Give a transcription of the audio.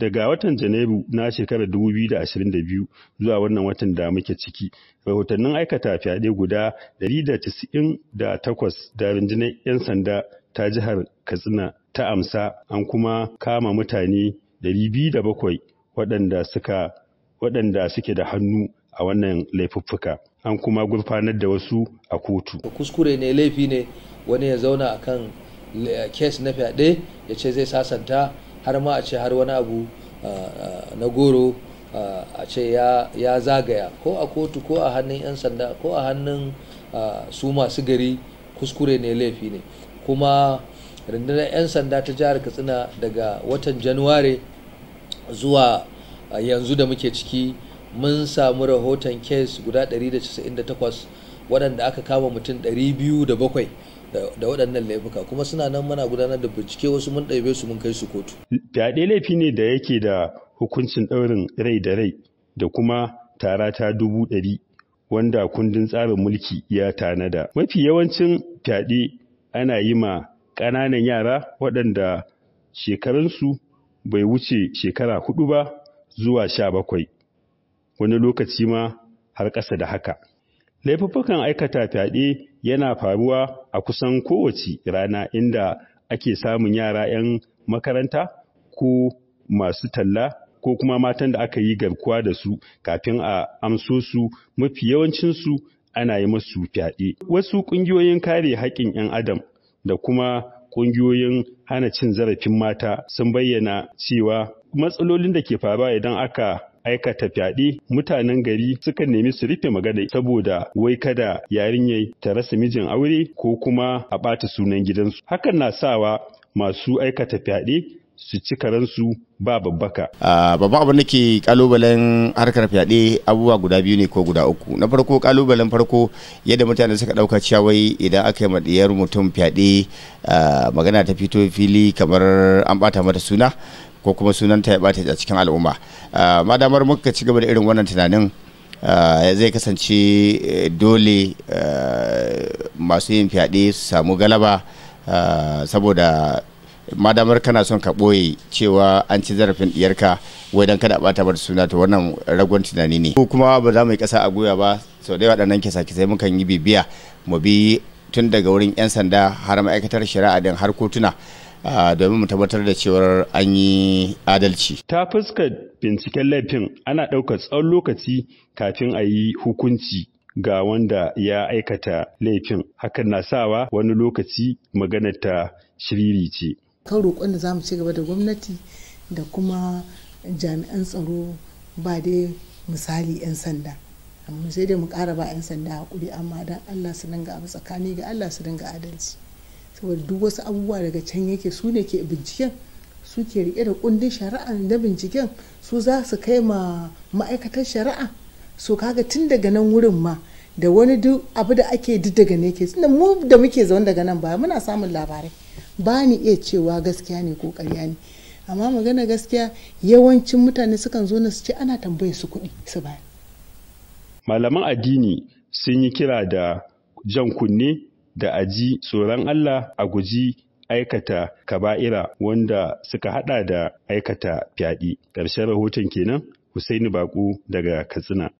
Daga watan Janairu na shekarar 2022 zuwa wannan watan da muke ciki, rahotannin aikata fyaɗe guda 198 da rundunar 'yan sanda ta jihar Katsina ta amsa an kuma kama mutane 207 waɗanda suka waɗanda suke da hannu a wannan laifuffuka an kuma gurfanar da wasu a kotu. Kuskure ne laifi ne wani ya zauna a kan eh, kes na fyaɗe ya ce zai sasanta har ma a ce har wani abu na goro a ce ya zagaya ko a kotu ko a hannun 'yan sanda ko a hannun su masu gari kuskure ne laifi ne kuma rundunar 'yan sanda ta jihar katsina daga watan januware zuwa yanzu da muke ciki mun samu rahoton kes guda 198 waɗanda aka kama mutum 207 da waɗannan laifuka kuma suna nan muna gudanar da bincike wasu mun ɗaibe su mun kai su kotu. Fyaɗe laifi ne da yake da hukuncin ɗaurin rai da rai da kuma tara ta dubu ɗari wanda kundin tsarin mulki ya tanada. Mafi yawancin fyaɗe ana yi ma ƙananan yara waɗanda shekarunsu bai wuce shekara hudu ba zuwa sha bakwai wani lokaci ma har ƙasa da haka. Laifuffukan aikata fyaɗe yana faruwa a kusan kowace rana inda ake samun yara 'yan makaranta ko masu talla ko kuma matan da aka yi garkuwa da su kafin a amso su mafi yawancinsu ana yi masu fyaɗe. Wasu ƙungiyoyin kare haƙƙin 'yan adam da kuma ƙungiyoyin hana cin zarafin mata sun bayyana cewa matsalolin da ke faruwa idan aka aikata fyaɗe mutanen gari suka nemi su rufe magana saboda wai kada yarinyar ta rasa mijin aure ko kuma a ɓata sunan gidansu hakan na sawa masu aikata fyaɗe su ci karansu ba babbaka. a babban abin da ke kalubalen harkar fyaɗe abubuwa guda biyu ne ko guda uku na farko kalubalen farko yadda mutane suka ɗauka cewa idan aka yi madiyar mutum fyaɗe magana ta fito fili kamar an ɓata mata suna ko kuma sunanta ya bata a cikin al'umma ah, madamar muka ci gaba da irin wannan tunanin ah, zai kasance eh, dole ah, masu yin fyaɗe su samu galaba saboda madamar kana son ka ɓoye cewa an ci zarafin ɗiyarka wai don kada bata bar suna to wannan ragon tunani ne kuma ba za mu yi kasa a guya ba sau da yawa ɗannan kisa sai mukan yi bibiya mu bi tun daga wurin 'yan sanda har ma'aikatar shari'a din har kotuna domin mu tabbatar da cewar an yi adalci. Ta fuskar binciken laifin ana ɗaukar tsawon lokaci kafin a yi hukunci ga wanda ya aikata laifin hakan na sawa wani lokaci maganar ta shiriri ce. Kan roƙon da za mu ci gaba da gwamnati da kuma jami'an tsaro ba dai misali 'yan sanda. amma sai dai mu ƙara ba 'yan sanda haƙuri amma don Allah su dinga abu tsakani ga Allah su dinga adalci. saboda duk wasu abubuwa daga can yake su ne ke binciken su ke rike da kundin shari'a na binciken su za su kai ma ma'aikatar shari'a so kaga tun daga nan wurin ma da wani duk abu da ake duk daga ne ke tunda mu da muke zaune daga nan ba muna samun labarai ba ni iya cewa gaskiya ne ko karya ne amma magana gaskiya yawancin mutane sukan zo na su ce ana tambayar su kuɗi su ba malaman addini sun yi kira da jan kunne da a ji tsoron Allah a guji aikata kaba'ira wanda suka hada da aikata fyaɗe. Ƙarshen rahoton kenan hussaini baƙo daga Katsina.